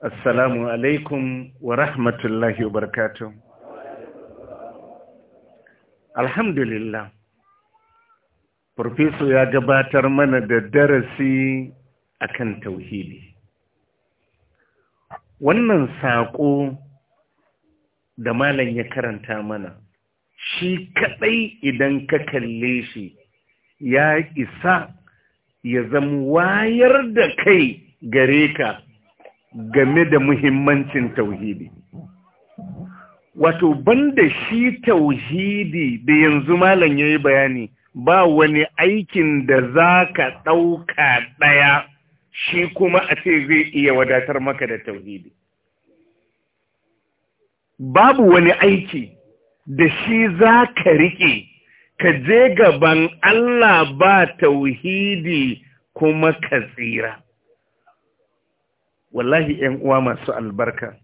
Assalamu alaikum wa rahmatullahi wa barakatun. Alhamdulillah, Profesor ya gabatar mana da darasi akan tauhidi. Wannan saƙo da malam ya karanta mana, shi kaɗai idan ka kalle shi ya isa ya zama wayar da kai gare ka. game da muhimmancin tauhidi wato banda shi tauhidi da yanzu malam ya yi bayani ba wani aikin da za ka ɗauka ɗaya shi kuma a ce zai iya wadatar maka da tauhidi babu wani aiki da shi za ka riƙe ka je gaban Allah ba tauhidi kuma ka tsira wallahi ‘yan uwa masu albarka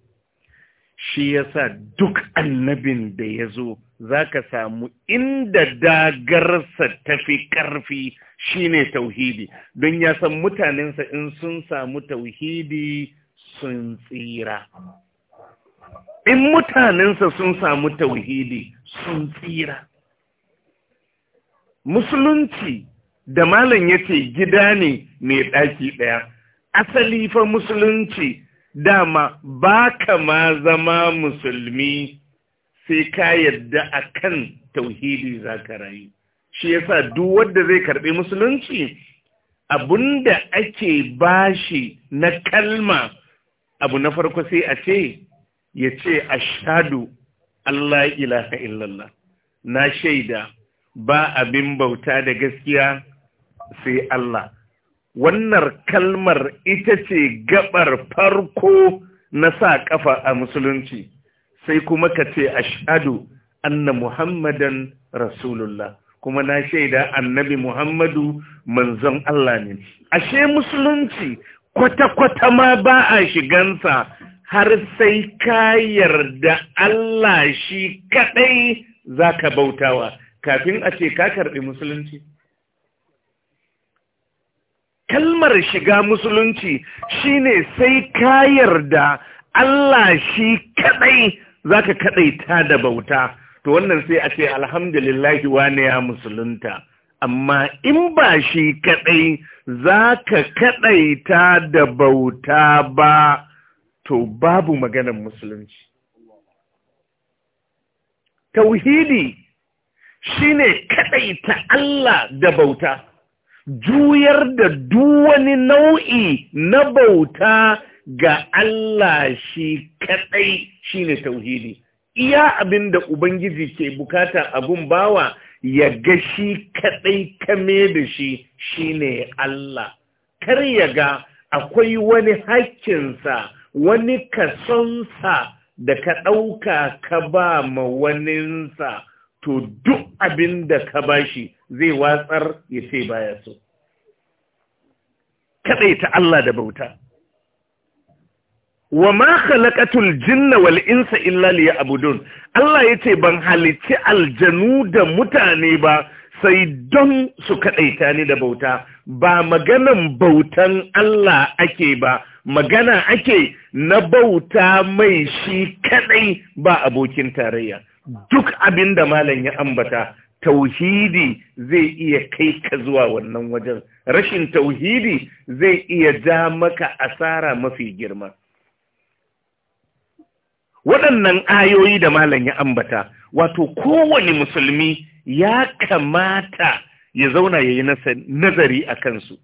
shi yasa duk annabin da ya zo za ka samu inda dagarsa tafi ƙarfi shine tauhidi don ya san mutanensa in sun samu tauhidi sun tsira in mutanensa sun samu tauhidi sun tsira musulunci da malam yace gida ne mai ɗaki ɗaya asali fa musulunci dama ba ka ma zama musulmi sai ka yadda kan tauhidi za ka rayu shi yasa duk wanda zai karɓi musulunci abunda ake bashi na kalma abu na farko sai a ce ya ce a ashadu Allah ilaha illallah na shaida ba abin bauta da gaskiya sai Allah wannan kalmar ita ce gabar farko na sa kafa a musulunci sai kuma ka ce ashadu anna muhammadan rasulullah kuma na shaida annabi muhammadu manzon Allah ne ashe musulunci kwata-kwata ma ba a shigansa har sai ka yarda Allah shi kaɗai zaka bautawa kafin a ce ka karɓi musulunci kalmar shiga musulunci shine sai ka yarda Allah shi kadai zaka kadai ta da bauta to wannan sai a ce alhamdulillahi wane ya musulunta amma in ba shi kadai zaka kadai ta da bauta ba to babu maganar musulunci tauhidi shine ta Allah da bauta juyar da duwani nau'i na bauta ga Allah shi kadai shi ne tauhidi. Iya abin da Ubangiji ke bukata abun bawa ya ga shi kadai kame da shi shi ne Allah. Kar ya ga akwai wani hakkinsa, wani kasonsa da ka ɗauka ka ba ma waninsa, to duk abin da ka bashi zai watsar ya ce baya so ta Allah da bauta wa ma khalaqatul jinna wal insa illa liya'budun Allah yace ban halicci aljanu da mutane ba sai don su kadaita ni da bauta ba maganan bautan Allah ake ba magana ake na bauta mai shi kadai ba abokin tarayya duk abinda malam ya ambata tauhidi zai iya kai ka zuwa wannan wajen rashin tauhidi zai iya ja maka asara mafi girma waɗannan ayoyi da malam ya ambata wato kowane musulmi ya kamata ya zauna ya yi nazari a kansu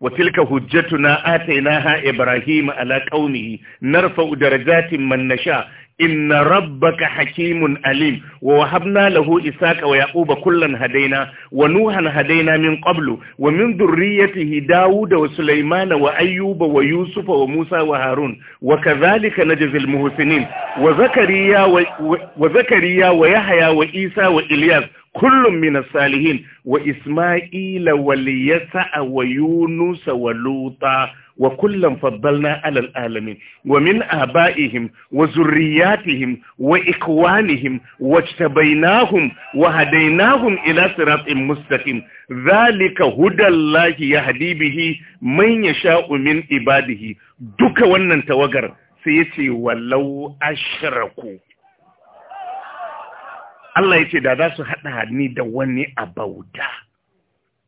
وتلك هجتنا آتيناها إبراهيم على قومه نرفع درجات من نشاء إن ربك حكيم أليم ووهبنا له إساك ويعقوب كلا هدينا ونوحا هدينا من قبل ومن ذريته داود وسليمان وأيوب ويوسف وموسى وهارون وكذلك نجزي المحسنين وزكريا, و... وزكريا ويحيى وإيسى وإلياس kullum mina salihin wa isma'ila wal wa Yunusa wa luta wa kullum faddalna alal alamin wa min aba'ihim wa zurriyatihim wa ikwanihim wajtabainahum wa hadainahum ila siratin mustaqim zalika hudallahi ya bihi man yasha'u min ibadihi duka wannan tawagar sai yace wallau ashraku Allah ya ce da za su haɗa ni da wani a bauta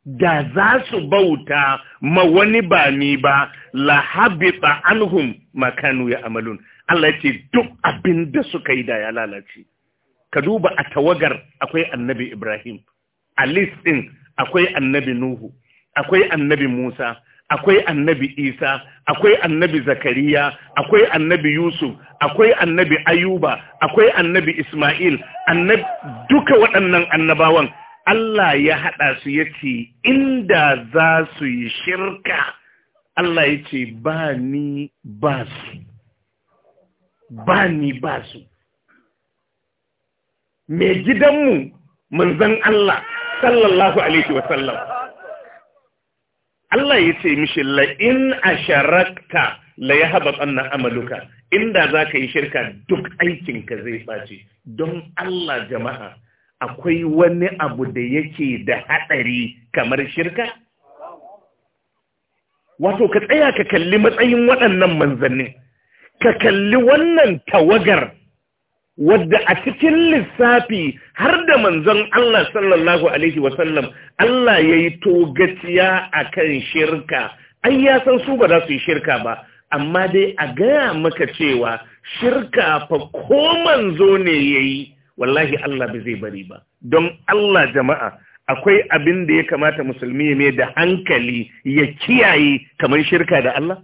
da za su bauta ma wani ba ni ba la habita anhum makanu ya amalun Allah ya ce duk abin da suka yi da ya lalace ka duba a tawagar akwai annabi Ibrahim a list din akwai annabi Nuhu akwai annabi Musa akwai annabi isa akwai annabi zakariya akwai annabi yusuf akwai annabi ayuba akwai annabi ismail annabi duka waɗannan annabawan allah ya haɗa su ya ce inda za su yi shirka allah ya ce ba ni ba su ba ni ba su mai gidanmu manzan allah sallallahu alaihi wasallam Allah ya ce mishi la a sharakta la yahbatanna amaluka inda za ka yi shirka duk aikinka zai bace don Allah jama'a akwai wani abu da yake da haɗari kamar shirka wato ka tsaya ka kalli matsayin waɗannan manzanni ka kalli wannan tawagar wadda a cikin lissafi har da manzon Allah sallallahu alaihi wasallam Allah ya yi togaciya a kan shirka ai ya san su ba za su yi shirka ba amma dai a gaya maka cewa shirka fa ko manzo ne ya yi wallahi Allah ba zai bari ba don Allah jama'a akwai abin da ya kamata musulmi ya mai da hankali ya kiyaye kamar shirka da Allah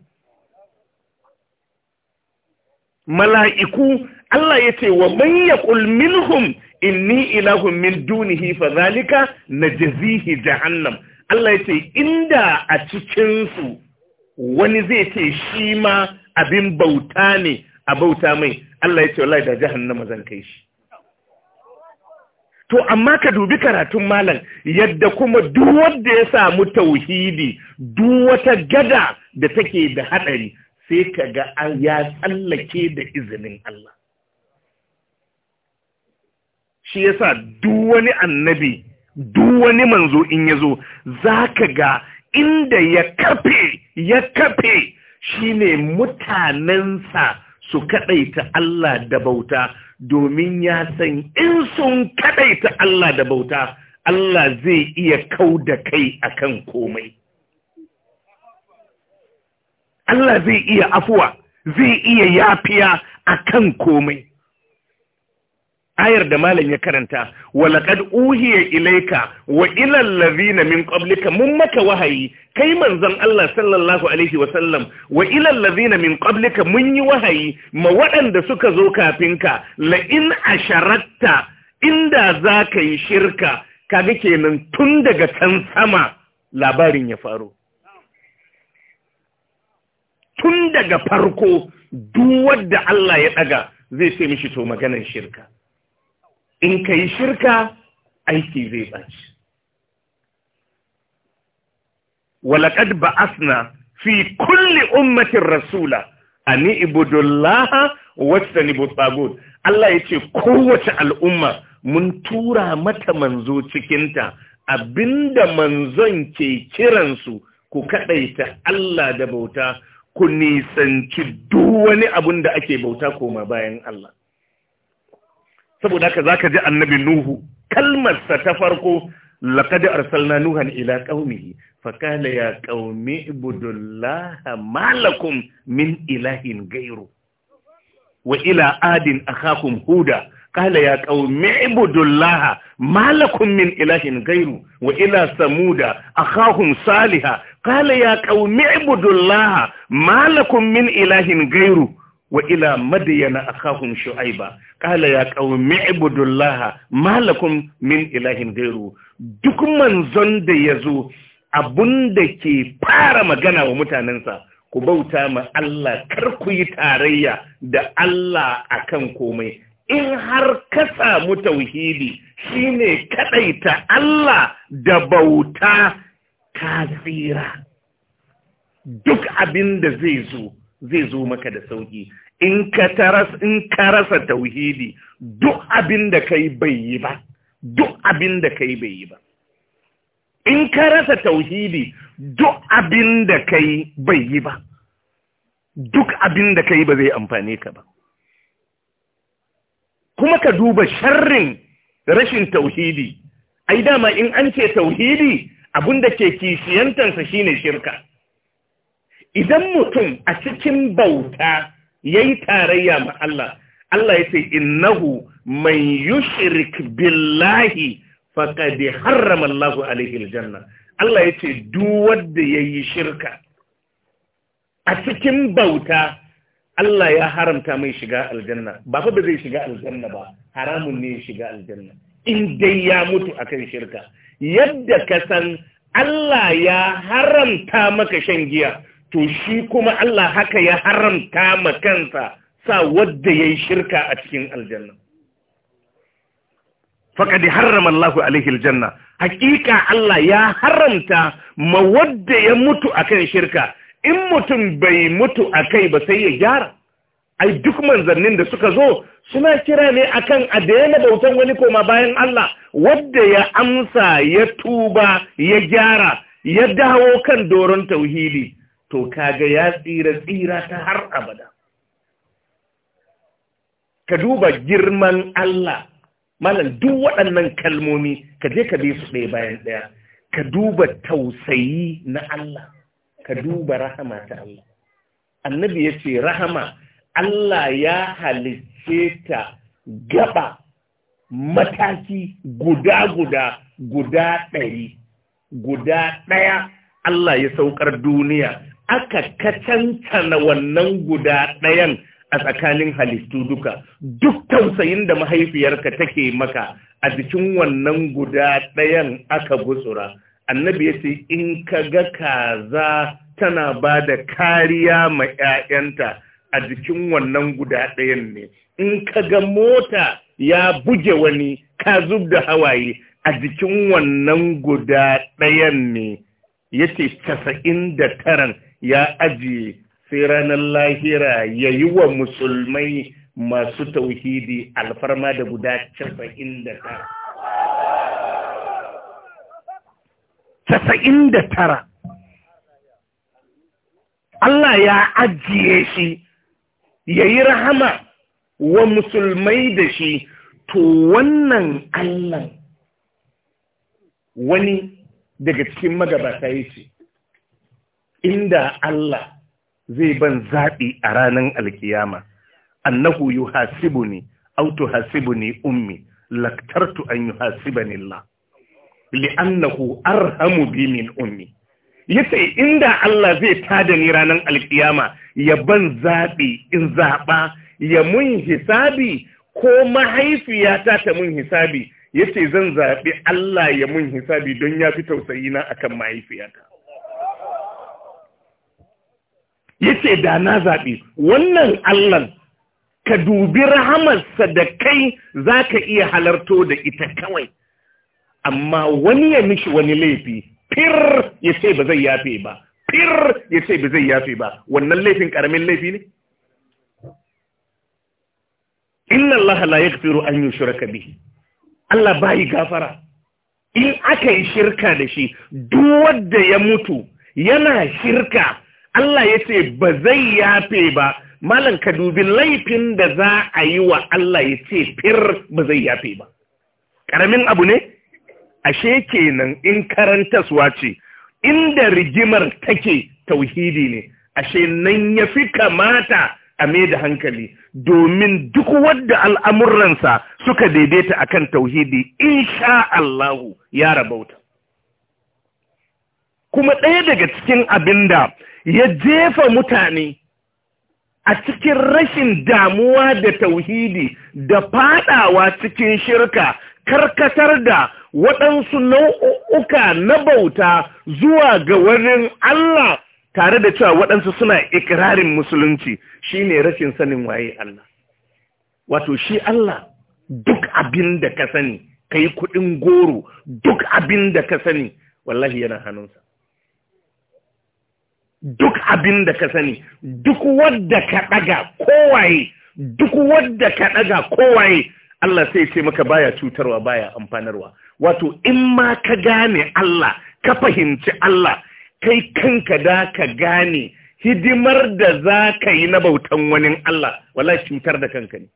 mala'iku Allah ya ce wa man yaqul minhum inni ilahun min dunihi fa zalika najzihi jahannam Allah ya ce inda a cikinsu wani zai ce shi ma abin bauta ne a bauta mai Allah ya ce wallahi da jahannama zan kai shi to amma ka dubi karatun malam yadda kuma duk wanda ya samu tauhidi duk wata gada da take da hadari sai kaga ya tsallake da izinin Allah shi yasa duk wani annabi duk wani manzo in yazo, zo za ka ga inda ya kafe ya kafe shine mutanensa su kaɗaita Allah da bauta domin ya san in sun kaɗaita Allah da bauta Allah zai iya kau da kai akan komai Allah zai iya afuwa zai iya yafiya akan komai ayar da malam ya karanta walaqad uhiya ilaika wa ilal ladina min qablika mun maka wahayi kai manzon Allah sallallahu alaihi wa sallam wa ilal ladina min qablika mun yi wahayi ma waɗanda suka zo kafinka, ka la in asharatta inda zaka yi shirka kaga kenan tun daga can sama labarin ya faru tun daga farko duk wanda Allah ya daga zai sai mishi to maganar shirka in ka yi shirka aiki zai ɓaci walaƙad ba'asna fi kulli ummatin rasula ani ibudullaha wasta ni Allah ya ce kowace al'umma mun tura mata manzo cikinta abinda manzon ke kiransu ku kaɗaita Allah da bauta ku nisanci duk wani abin da ake bauta koma bayan Allah saboda haka zaka ji annabi nuhu kalmar sa ta farko laqad arsalna nuhan ila qaumihi faqala ya qaumi ibudullaha ma min ilahin gairu. wa ila adin akhakum huda qala ya qaumi ibudullaha ma min ilahin gairu. wa ila samuda akhahum salihah qala ya qaumi ibudullaha ma min ilahin gairu. wa ila madiyana akahum shu'aiba qala ya qaumi ibudullaha malakum min ilahin ghairu duk manzon da yazo abunda ke fara magana wa mutanensa ku bauta ma Allah kar ku yi tarayya da Allah akan komai in har ka samu tauhidi shine kadaita Allah da bauta ka tsira duk abinda zai zo zai zo maka da sauki in ka taras in ka rasa tauhidi duk abin da kai bai yi ba duk abin da kai bai yi ba in ka rasa tauhidi duk abin da kai bai yi ba duk abin da kai ba zai amfane ka ba kuma ka duba sharrin rashin tauhidi ai dama in an ce tauhidi abin da ke kishiyantansa shine shirka idan mutum a cikin bauta yayi tarayya ma Allah Allah ya ce innahu man yushrik billahi faqad harrama Allahu alaihi aljanna Allah ya ce duk wanda yayi shirka a cikin bauta Allah ya haramta mai shiga aljanna ba fa ba zai shiga aljanna ba haramun ne shiga aljanna in dai ya mutu akan shirka yadda ka san Allah ya haramta maka shan giya to shi kuma Allah haka ya haramta ma kansa sa wadda yayi shirka a cikin aljanna fakadi harrama Allah alaihi aljanna hakika Allah ya haramta ma wadda ya mutu akan shirka in mutum bai mutu akai ba sai ya gyara ai duk manzannin da suka zo suna kira ne akan a daina bautan wani koma bayan Allah wadda ya amsa ya tuba ya gyara ya dawo kan doron tauhidi to kaga ya tsira tsira ta har abada ka duba girman Allah malam duk waɗannan kalmomi ka je ka bi su ɗaya bayan ɗaya ka duba tausayi na Allah ka duba rahama ta Allah annabi ya ce rahama Allah ya halicce ta gaba mataki guda-guda guda ɗari guda ɗaya Allah ya saukar duniya aka katantana wannan guda ɗayan a tsakanin halittu duka duk tausayin da mahaifiyarka take maka a jikin wannan guda ɗayan aka gutsura annabi ya ce in ka ga kaza tana ba da kariya ma 'ya'yanta a jikin wannan guda ɗayan ne in ka ga mota ya buge wani ka zub da hawaye a jikin wannan guda ɗayan ne ya ce casa'in da taran ya ajiye sai ranar lahira ya yi wa musulmai masu tauhidi alfarma da guda casa'in da tara. Casa'in da tara. Allah ya ajiye shi, ya yi rahama wa musulmai da shi, to wannan Allah wani daga cikin magabata ya ce, inda Allah zai ban zaɓi a ranar alkiyama annahu autu hasibu ne ummi laktartu an yuhasibani Allah li'annahu arhamu bi min ummi yace inda Allah zai tada ni ranar alkiyama ya ban zaɓi in zaɓa ya mun hisabi ko mahaifiyata ta mun hisabi yace zan zaɓi Allah ya mun hisabi don ya fi tausayina akan mahaifiyata yace da na zaɓi wannan Allah ka dubi rahamarsa da kai za ka iya halarto da ita kawai amma wani ya mishi wani laifi fir ya ce ba zai yafe ba fir ya ce ba zai yafe ba wannan laifin ƙaramin laifi ne inna allaha la yaghfiru an yushraka bihi Allah bai gafara in aka yi shirka da shi duk wanda ya mutu yana shirka Allah ya ce ba zai yafe ba malam ka dubi laifin da za a yi wa Allah ya ce fir ba zai yafe ba ƙaramin abu ne ashe kenan in karantaswa ce inda rigimar take tauhidi ne ashe nan ya fi kamata a mai da hankali domin duk wadda al'amuransa suka daidaita akan tauhidi in sha Allahu ya rabauta kuma ɗaya daga cikin abin da ya jefa mutane a cikin rashin damuwa da tauhidi da faɗawa cikin shirka karkatar da waɗansu nau'uka na bauta zuwa ga wurin Allah tare da cewa waɗansu suna ikirarin musulunci shine rashin sanin waye Allah wato shi Allah duk abin da ka sani Ka yi kuɗin goro duk abin da ka sani wallahi yana hannunsa duk abin da ka sani duk wadda ka ɗaga kowaye duk wadda ka ɗaga kowaye Allah sai ce maka baya cutarwa baya amfanarwa wato in ma ka gane Allah ka fahimci Allah kai kanka da ka gane hidimar da za ka yi na bautan wani Allah wala cutar da kanka ne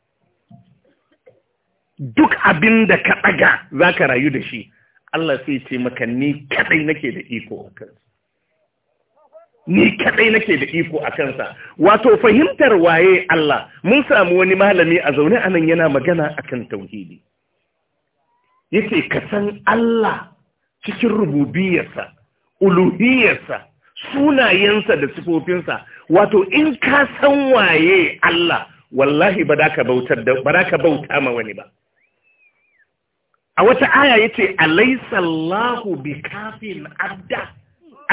duk abin da ka ɗaga za ka rayu da shi Allah sai ce maka ni kaɗai nake da iko a kansu ni kadai nake da iko a kansa wato fahimtar waye Allah mun samu wani malami a zaune a nan yana magana akan tauhidi yace ka san Allah cikin rububiyarsa uluhiyarsa sunayensa da sifofinsa wato in ka san waye Allah wallahi ba da ka bautar da ba bauta ma wani ba a wata aya yace alaysa Allahu bikafin abda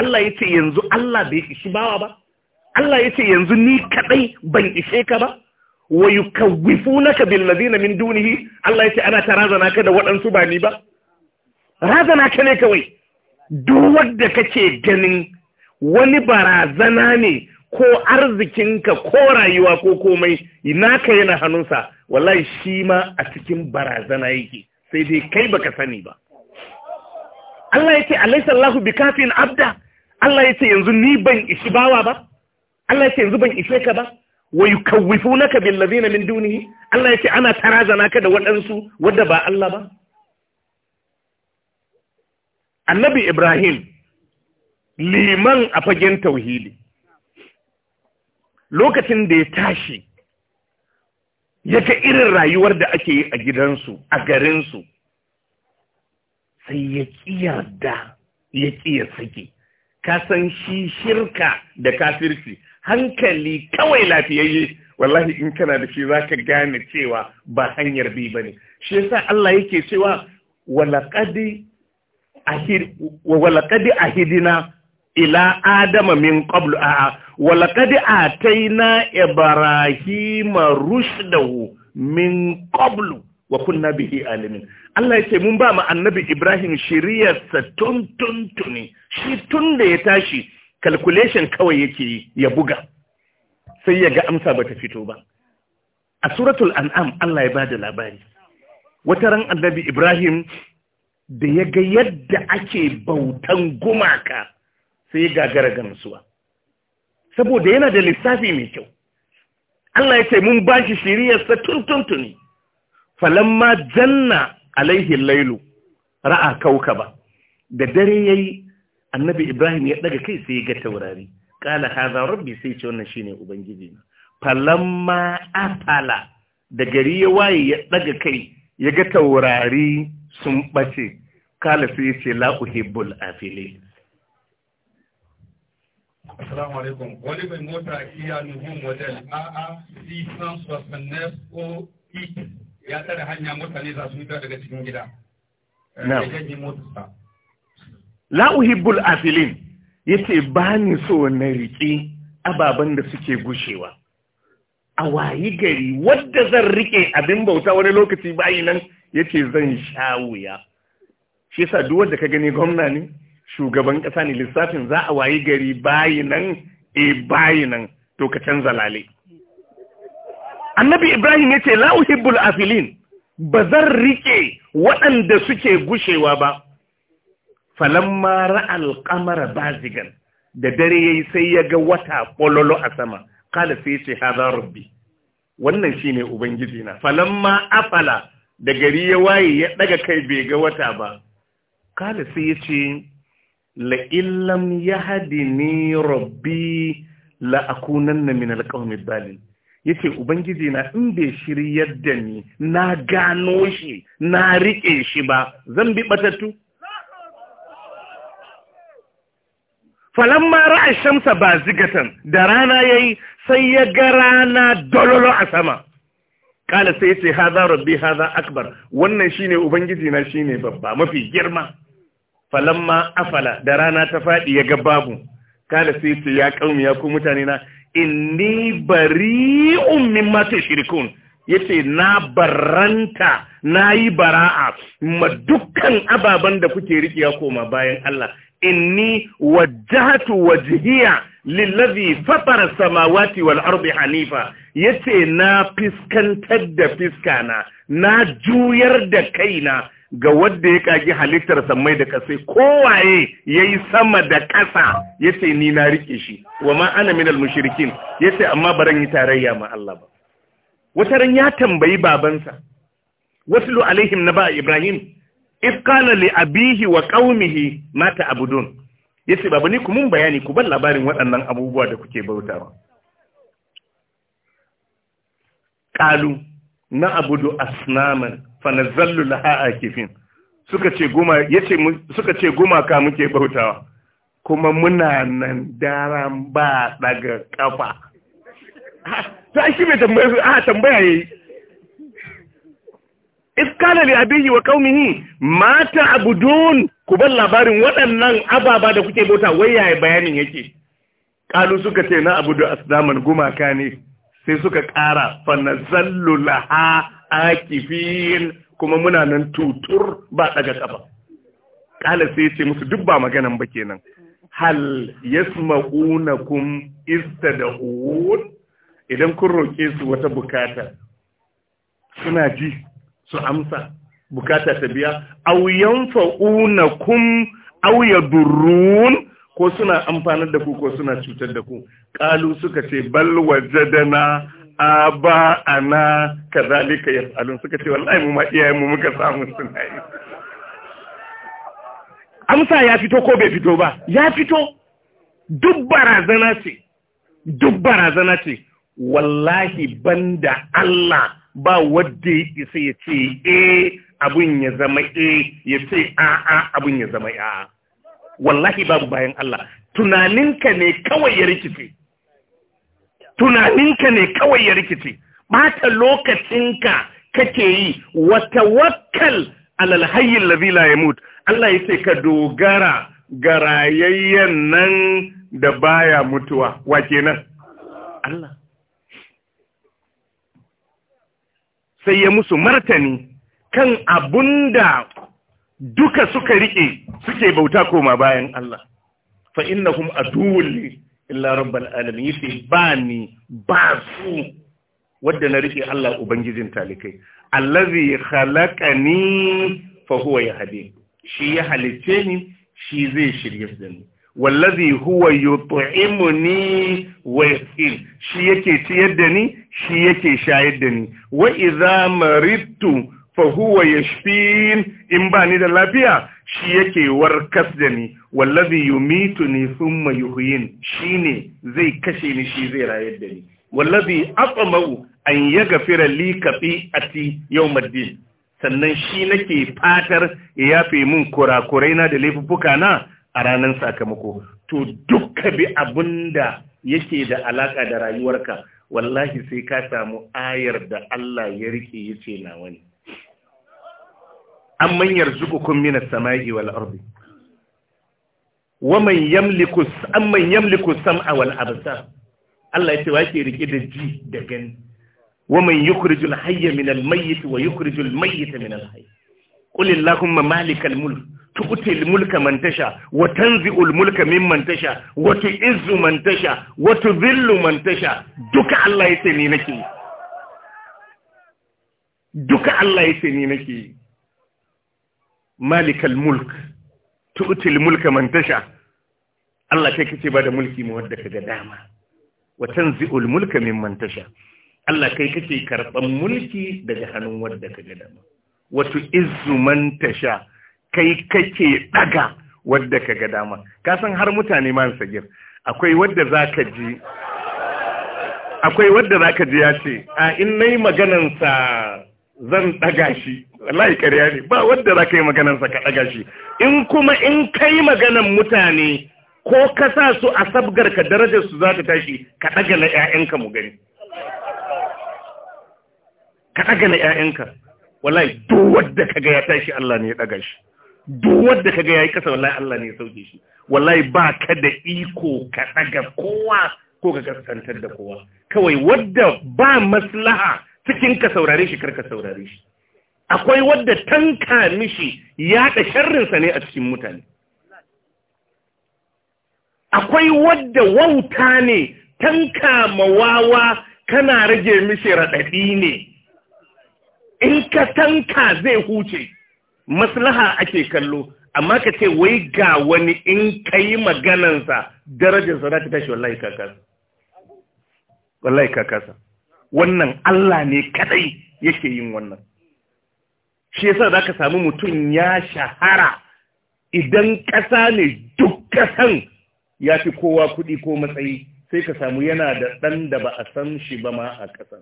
Allah ya ce yanzu Allah bai ishi bawa ba Allah ya ce yanzu ni kaɗai ban ishe ka ba wa yukawwifunaka bil lazina min dunihi Allah ya ce ana ta razana ka da waɗansu ba ni ba razana ka ne kawai duk ka kake ganin wani barazana ne ko arzikinka ko rayuwa ko komai naka yana hannunsa wallahi shi ma a cikin barazana yake sai dai kai baka sani ba Allah ya ce alaisallahu kafin abda Allah ya ce yanzu ni ban ishi bawa ba Allah ya ce yanzu ban ishe ka ba wa yukawwifunaka bil ladina min dunihi Allah ya ce ana tarazana ka da waɗansu wadda ba Allah ba Annabi Ibrahim liman a fagen tauhidi lokacin da ya tashi ya ga irin rayuwar da ake yi a gidansu a garinsu sai ya ƙiyar da ya ƙiyar sake ka san shi shirka da kafirci hankali kawai lafiyayye wallahi in kana da shi zaka gane cewa ba hanyar bi ne. shi yasa Allah yake cewa walaqad ahid ila adama min qablu a walaqad ataina ibrahima rushdahu min qablu wa kunna bihi alimin Allah ya ce mun ba mu annabi Ibrahim shiriyarsa tun tun tuni shi tun da ya tashi calculation kawai yake ya buga sai ya ga amsa bata fito ba a suratul an'am Allah ya bada labari wata ran annabi Ibrahim da ya ga yadda ake bautan gumaka sai ya gagara gamsuwa saboda yana da lissafi mai kyau Allah ya ce mun ba shi shiriyarsa tun tun tuni falamma janna alaihi lailu ra'a kaukaba da dare yayi annabi ibrahim ya daga kai sai ya ga taurari qala hadha rabbi sai ce wannan shine ubangiji na falamma atala da gari ya waye ya daga kai ya ga taurari sun bace kala sai ya ce la uhibbul afilin Assalamu alaikum. Wani mai mota iya nuhun model AA 669 OX e. ya tsare hanya mutane za su fita daga cikin gida eh, na la uhibbul afilin yace ba ni so na riƙe ababen da suke gushewa a wayi gari wadda zan riƙe abin bauta wani lokaci bayi nan yace zan sha wuya shi yasa duk wanda ka gani gwamna ne shugaban ƙasa ne lissafin za a wayi gari bayi nan e bayi nan to ka canza lalai annabi ibrahim ya ce la'uhibbul afilin ba zan rike waɗanda suke gushewa ba falamma ra'al kamara bazigan da dare ya yi sai ya ga wata ƙololo a sama kala sai ce haza rabbi wannan shine ubangiji na falamma afala da gari ya waye ya ɗaga kai bai ga wata ba kala sai ya ce la illam yahdini rabbi la'akunan na min alƙawar yace ubangiji na in bai shiryar da ni na gano shi na riƙe shi ba zan bi batattu falamma ra'a shamsa bazigatan da rana ya yi sai ya ga rana dololo a sama kala sai yace haza rabbi hadha akbar wannan shine ubangiji na shine babba mafi girma falamma afala da rana ta faɗi ya ga babu kala sai ce ya kaumi ya ku mutane na inni bari'un mimma tushrikun yace na baranta nayi bara'a ma dukkan ababan da kuke rikiya koma bayan Allah inni wajjahatu wajhiya lillazi fatara samawati wal ardi hanifa yace na fiskantar da fiskana na juyar da kaina ga wadda ya kagi halittar samai da kasai kowaye ya yi sama da ƙasa ya ce ni na rike shi wa ma ana minal mushrikin ya ce amma baran yi tarayya ma Allah ba wata ran ya tambayi babansa waslu alaihim na ba ibrahim if li abihi wa qaumihi mata abudun ce babu ni ku mun bayani ku bar labarin waɗannan abubuwa da kuke bautawa Ƙalu. na abudu asnaman fanazallu laha akifin suka ce goma yace suka ce goma ka muke bautawa kuma muna nan daran ba daga kafa ta shi mai tambaya su a tambaya yayi iskala li abihi wa qaumihi ma ta'budun ku bar labarin waɗannan ababa da kuke bauta wai yayi bayanin yake kalu suka ce na abudu asnaman ka ne sai suka ƙara fanazallu laha akifin kuma muna nan tutur ba ɗaga kafa Ƙala sai ce musu duk ba maganan ba kenan hal da istad'un idan kun roƙe su wata bukata suna ji su amsa bukata ta biya fa'una yanfa'unakum aw yadurrun ko suna amfanar da ku ko suna cutar da ku Ƙalu suka ce bal wajadana aba ana kazalika yaf'alun suka ce wallahi mu ma iyayen mu muka samu suna yi amsa ya fito ko bai fito ba ya fito duk barazana ce duk barazana ce wallahi banda Allah ba wadda ya isa ya ce eh abun ya zama eh ya ce a'a abun ya zama a'a wallahi babu bayan Allah tunaninka ne kawai ya rikice tunaninka ne kawai ya rikice bata lokacinka kake yi wa tawakkal alal hayyil ladhi la yamut Allah yace ka dogara ga rayayyen nan da baya mutuwa wa kenan Allah sai ya musu martani kan abunda duka suka riƙe suke bauta koma bayan Allah fa innahum aduwwul li illa rabbil alamin yace ba ni ba su wadda na riƙe Allah ubangijin talikai allazi khalaqani fa huwa yahdi shi ya halice ni shi zai shirye da ni wallazi huwa yut'imuni wa yasqin shi yake ciyar da ni shi yake shayar da ni wa idza maridtu fahuwa ya shi in ba ni da lafiya shi yake warkas da ni wallazi yumituni thumma yuhyin shine zai kashe ni shi zai rayar da ni wallazi Mau, an yaghfira li yau yawmiddin sannan shi nake fatar ya yafe mun kurakurai na da laifuffuka na a ranar sakamako to dukka bi abinda yake da alaka da rayuwarka wallahi sai ka samu ayar da Allah ya rike yace na wani an man yarzuqukum minas samai wal ardi wa yamliku sam'a wal absar Allah ce wa ke rike da ji da gani wa man yukhrijul hayya minal mayyit wa yukhrijul mayyita minal hayy qul illahumma malikal mulk تؤتي الملك من تشاء وتنزع الملك ممن تشاء وتعز من تشاء وتذل من تشاء دك الله يسني نكي دك الله يسني نكي Malik al mulk tu'til mulka man tasha Allah kai kace ba da mulki mu wanda kaga dama wa tanzi'ul mulka mimman tasha Allah kai kake karban mulki daga hannun wanda kaga dama wa tu'izzu man tasha kai kake daga wanda kaga dama ka san har mutane man sagir akwai wanda zaka ji akwai wanda zaka ji ya ce a in nayi maganan sa zan ɗaga shi wallahi ƙarya ne ba wanda za ka yi maganar sa ka ɗaga shi in kuma in ka yi maganar mutane ko ka sa su a sabgar ka darajar su za ta tashi ka ɗaga na ƴaƴanka mu gani ka ɗaga na ƴaƴanka wallahi duk wanda kaga ya tashi Allah ne ya ɗaga shi duk wanda kaga ya yi kasa wallahi Allah ne ya sauke shi wallahi ba ka da iko ka ɗaga kowa ko ka gaskantar da kowa kawai wadda ba maslaha cikin ka saurare shi karka saurare shi akwai wadda tanka mishi yaɗa sharrinsa ne a cikin mutane akwai wadda wauta ne tanka mawawa kana rage mishi raɗaɗi ne in ka tanka zai huce maslaha ake kallo amma ka ce wai ga wani in ka yi maganansa darajinsa za ta tashi wallahi kakasa wallahi kakasa wannan Allah ne kadai yake yin wannan shi yasa zaka samu mutum ya shahara idan ƙasa ne duk ƙasan ya fi kowa kuɗi ko matsayi sai ka samu yana da ɗan da ba a san shi ba ma a ƙasa.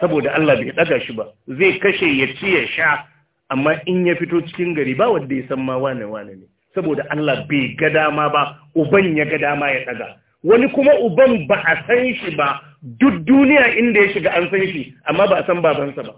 saboda Allah bai ɗaga shi ba zai kashe ya ci ya sha amma in ya fito cikin gari ba wanda ya san ma wane wane ne saboda Allah bai ga dama ba uban ya ga dama ya ɗaga wani kuma uban ba a san shi ba duk duniya inda ya shiga an san shi amma ba a san babansa ba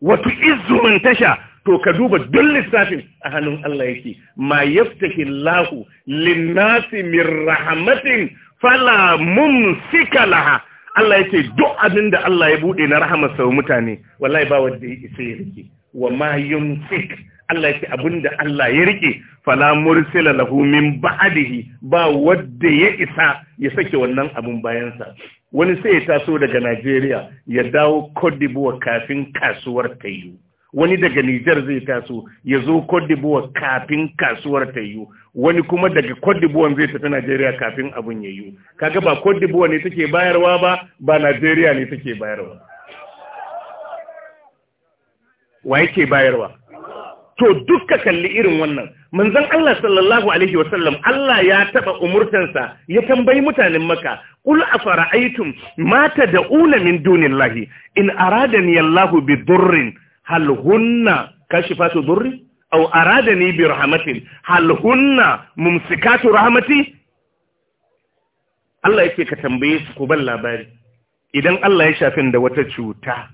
wato izumin tasha to ka duba duk lissafin a hannun Allah yake ma yaftahi Allahu linnasi min rahmatin fala mumsika laha Allah yake duk abin da Allah ya buɗe na rahama sau mutane wallahi ba wanda ya isa ya rike wa ma yumsik Allah ya ce abinda Allah ya rike fala mursila lahu min ba'dihi ba wadda ya isa ya sake wannan abun bayansa. wani sai ya taso daga Najeriya ya dawo Cote d'Ivoire kafin kasuwar ta yi wani daga Nijar zai taso ya zo Cote d'Ivoire kafin kasuwar ta yi wani kuma daga Cote d'Ivoire zai tafi Najeriya kafin abun ya yi kaga ba Cote d'Ivoire ne take bayarwa ba ba Najeriya ne take bayarwa wa yake bayarwa to duk ka kalli irin wannan manzon Allah sallallahu alaihi wasallam Allah ya taba umurtansa ya tambayi mutanen Makka qul afara'aytum ma tad'una min dunillahi in aradani Allahu bi durrin hal hunna kashifatu durri aw aradani bi rahmatin hal hunna mumsikatu rahmati Allah yake ka tambaye su ku ban labari idan Allah ya shafin da wata cuta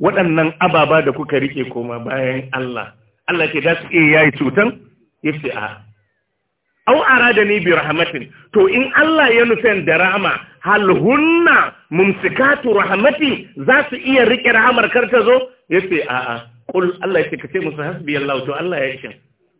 waɗannan ababa da kuka rike koma bayan Allah Allah ce dasu su iya yayi cutan Yafi a au arada ni bi rahmatin to in Allah ya nufin da rahama hal hunna mumsikatu rahmati za su iya rike rahamar kar ta zo Yafi a a qul Allah ya ce ka ce musu hasbi Allah to Allah ya ce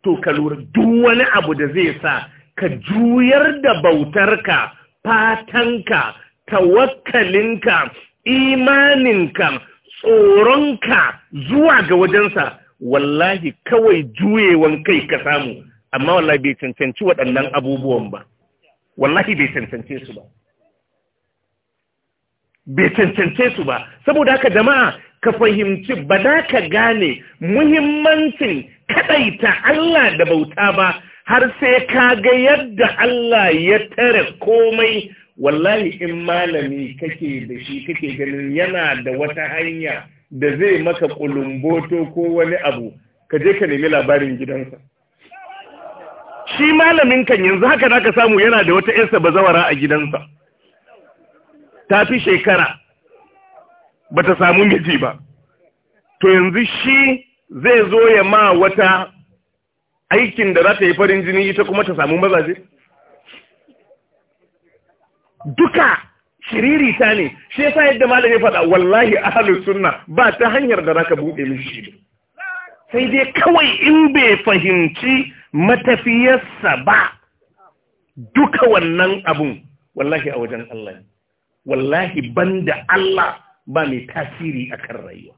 to ka lura duk wani abu da zai sa ka juyar da bautarka fatanka tawakkalinka imaninka tsoronka zuwa ga wajensa wallahi kawai juyewan kai ka samu amma wallahi bai cancanci waɗannan abubuwan ba wallahi bai cancance su ba bai cancance su ba saboda haka jama'a ka fahimci ba za ka gane muhimmancin kaɗaita Allah da bauta ba har sai ka ga yadda Allah ya tare komai wallahi in malami kake da shi kake ganin yana da wata hanya da zai maka kulumboto ko wani abu ka je ka nemi labarin gidansa shi malamin kan yanzu haka zaka samu yana da wata yarsa bazawara a gidansa ta fi shekara bata samu miji ba to yanzu shi zai zo ya ma wata aikin da za ta yi farin jini ita kuma ta samu mazaje duka shiriri ta ne shi yasa yadda malam ya faɗa wallahi ahlus sunna ba ta hanyar da zaka buɗe mishi sai dai kawai in bai fahimci matafiyarsa ba duka wannan abun wallahi a wajen Allah wallahi banda Allah ba mai tasiri akan rayuwa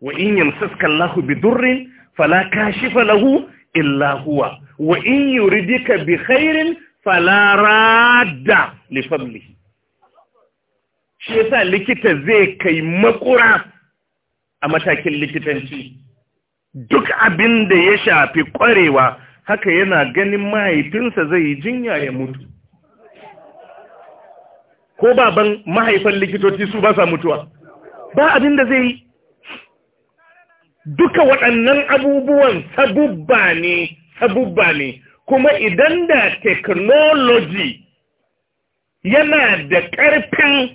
wa in yamsaska Allahu bidurrin fala kashifa lahu illa huwa wa in yuridika bi khairin Falarada lifabli li shi yasa likita zai kai makura a matakin likitanci duk abin da ya shafi kwarewa haka yana ganin mahaifinsa zai yi jinya ya mutu ko baban mahaifan likitoci su ba sa mutuwa ba abin da zai yi duka waɗannan abubuwan sabubba ne sabubba ne kuma idan da technology yana da ƙarfin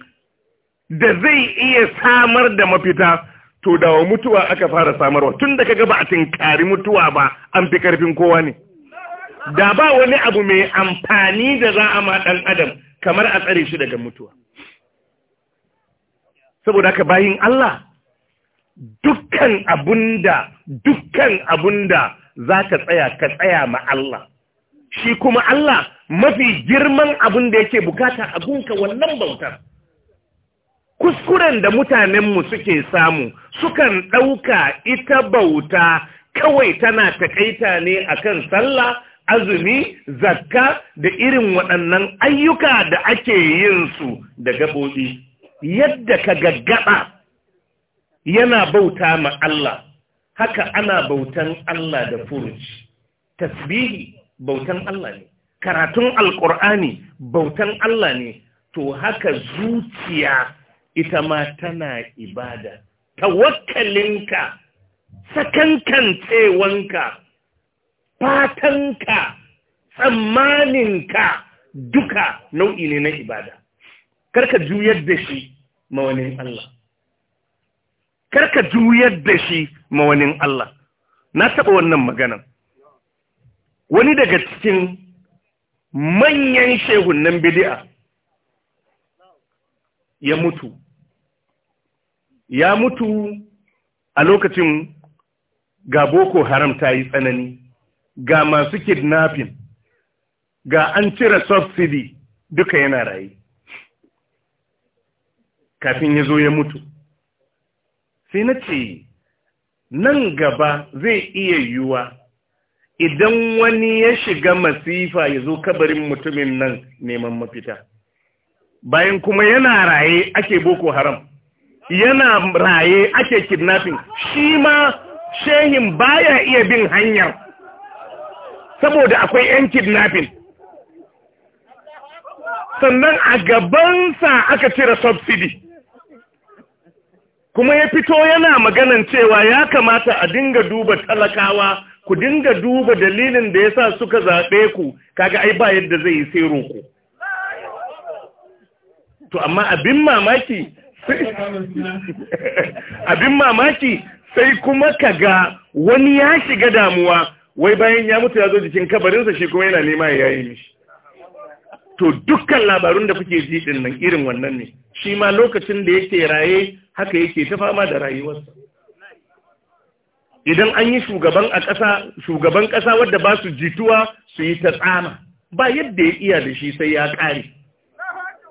da zai iya samar da mafita to da wa mutuwa aka fara samarwa tun da kaga ba a tinkari mutuwa ba an fi karfin kowa ne da ba wani abu mai amfani da za a ma ɗan adam kamar a tsare shi daga mutuwa saboda ka bayin Allah dukkan abunda dukkan abunda za ka tsaya ka tsaya ma Allah shi kuma Allah mafi girman abin da yake bukata a gunka wannan bautar kuskuren da mutanenmu suke samu sukan ɗauka ita bauta kawai tana taƙaita ne akan sallah azumi zakka da irin waɗannan ayyuka da ake yin su da gaɓoɓi yadda ka gaggaba yana bauta ma Allah haka ana bautan Allah da furuci tasbihi bautan Allah ne karatun alkur'ani bautan Allah ne to haka zuciya ita ma tana ibada tawakkalinka sakankancewanka fatanka tsammaninka duka nau'i ne na ibada karka juyar da shi mawanin Allah karka juyar da shi mawanin Allah na taɓa wannan maganan wani daga cikin manyan shehunan bidi'a ya mutu ya mutu a lokacin ga boko haram ta yi tsanani ga masu kidnapping ga an cire subsidy duka yana raye kafin ya zo ya mutu sai na ce nan gaba zai iya yiwuwa idan wani ya shiga masifa ya zo kabarin mutumin nan neman mafita bayan kuma yana raye ake boko haram yana raye ake kidnapping shi ma shehin baya iya bin hanyar saboda akwai 'yan kidnapping sannan a gabansa aka cire subsidi kuma ya fito yana maganan cewa ya kamata a dinga duba talakawa ku dinga duba dalilin da yasa suka zaɓe ku kaga ai ba yadda zai yi sai roƙo to amma abin mamaki abin mamaki sai kuma ka ga wani ya shiga damuwa wai bayan ya mutu ya zo jikin kabarinsa shi kuma yana nema ya yi mishi to dukkan labarun da kuke ji din irin wannan ne shi ma lokacin da yake raye haka yake ta fama da rayuwarsa idan an yi shugaban a ƙasa shugaban ƙasa wadda ba su jituwa su yi ta tsama ba yadda ya iya da shi sai ya ƙare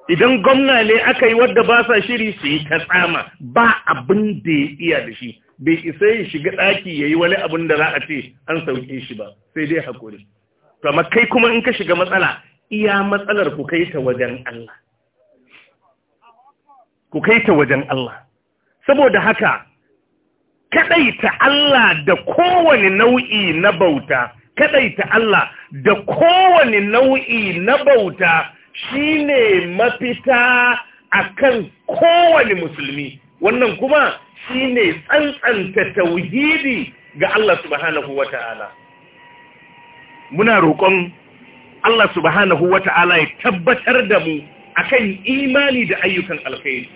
idan gwamna ne aka yi wadda ba sa shiri su yi ta tsama ba abin da ya iya da shi bai isa ya shiga ɗaki ya yi wani abin da za a ce an sauke shi ba sai dai haƙuri kama kai kuma in ka shiga matsala iya matsalar ku kai ta wajen Allah ku kai ta wajen Allah saboda haka kadaita Allah da kowane nau'i na bauta kadaita Allah da kowane nau'i na bauta shine mafita akan kowane musulmi wannan kuma shine tsantsanta tauhidi ga Allah subhanahu wata'ala muna roƙon Allah subhanahu wata'ala ya tabbatar da mu akan imani da ayyukan alkhairi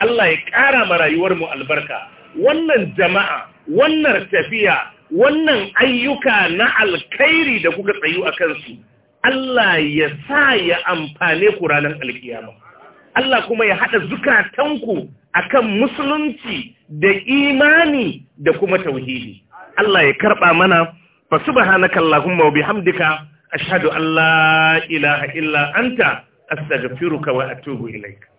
Allah ya ƙara ma rayuwar mu albarka wannan jama'a wannan tafiya wannan ayyuka na alkhairi da kuka tsayu a kansu Allah ya sa ya amfane ku ranar alkiyama Allah kuma ya haɗa zukatanku akan musulunci da imani da kuma tauhidi Allah ya karɓa mana fa subhanaka allahumma wa bihamdika ashhadu an la ilaha illa anta astaghfiruka wa atubu ilaika